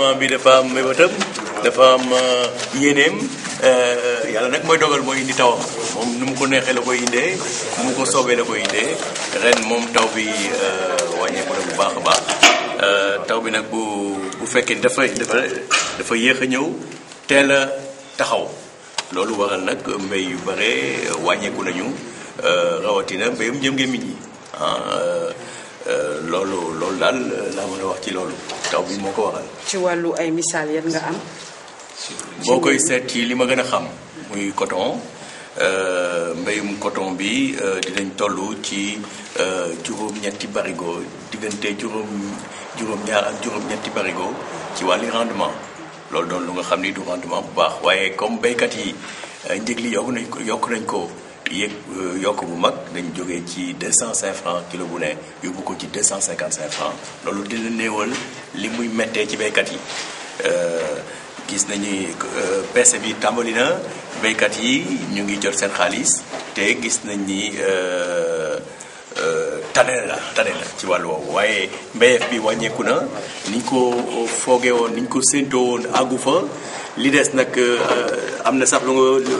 gouvernement bi dafa am mébatam dafa am euh, yéeneem euh, yàlla nag mooy dogal mooy indi tawam moom nu mu ko neexee la koy indee nu mu ko soobee la koy indee ren moom taw bi euh, wàññeeku bu baax a baax taw bi nag bu bu fekkee dafa dafa dafa yéex a ñëw teel a taxaw loolu waral nag mbéy yu bare wàññeeku nañu rawatina mbéyum njëm ngémmiñ yi ah, loolu loolu daal laa mën a wax ci loolu taw eh, bi moko eh, waxal ci walu ay misal yeen nga am bokoy setti li ma gëna xam muy coton euh mbayum coton bi dinañ tollu ci euh juroom ñetti barigo digënté juroom juroom ñaar ak juroom ñetti barigo ci wali rendement lolou ni du rendement bu baax waye comme baykat yi eh, ndigli yëg euh, yokk bu mag dañ jógee ci deux cent cinq francs kilo bu ne yóbbu ko ci deux cent cinquante cinq francs loolu dina néewal li muy méttee ci baykat yi euh, gis nañu euh, peese bi tàmbali na baykat yi ñu ngi jot seen xaalis te gis nañ ni tane la tane la ci wàll woowu waaye mbéyeef bi wàññeeku na niñ ko foogee woon niñ ko séentoo woon àggu fa li des nag am na sax lu nga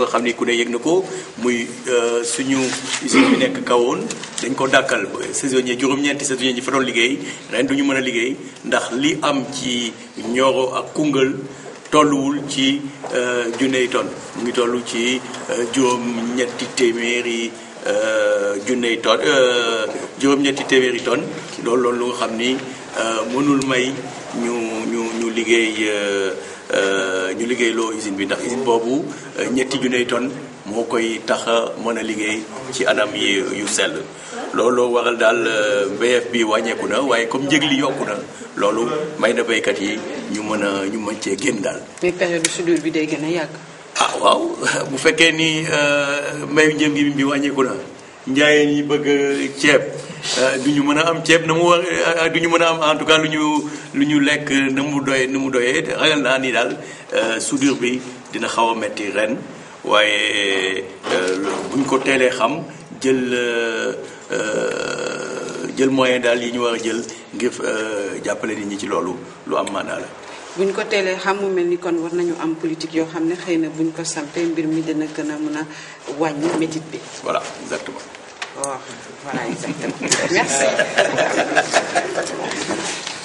nga xam ni ku ne yëg na ko muy euh, suñu usine nekk kawoon dañ ko dàkkal saisonnier juróom-ñeenti saisonnier ñi fa doon liggéey ren du ñu mën a liggéey ndax li am ci Nioro ak Koungheul tolluwul ci euh, junney ton mu ngi toll ci euh, juróom-ñetti téeméeri junney tonn juróom-ñetti téeméeri tonn loolu loolu nga xam ni mënul may ñu ñu ñu liggéey Euh, ñu liggéeyloo usine bi ndax usine boobu euh, ñetti junni tonnes moo koy tax a mën a liggéey ci anam yi yu sell looloo waral daal euh, BF bi wàññeeku na waaye comme njëg li yokku na loolu may na béykat yi ñu mën a ñu mën cee génn daal. mais période soudure bi day gën a yàgg. ah waaw bu fekkee nii mayu njëm gi bi wàññeeku na njaayeen yi bëgg ceeb. Euh, du ñu mën a am ceeb na mu war euh, du ñu mën a am en tout cas lu ñu lu ñu lekk na mu doy na mu doyee ragal naa ni daal euh, soudure bi dina xaw a metti ren waaye buñ ko teelee xam jël jël moyen daal yi ñu war a jël ngir jàppale nit ñi ci loolu lu am maanaa la. bu ko teelee xam mu mel ni kon war nañu am politique yoo xam ne xëy na buñ ko sampee mbir mi dina gën a mën a wàññi métit bi. voilà exactement. Voilà, exactement. Merci.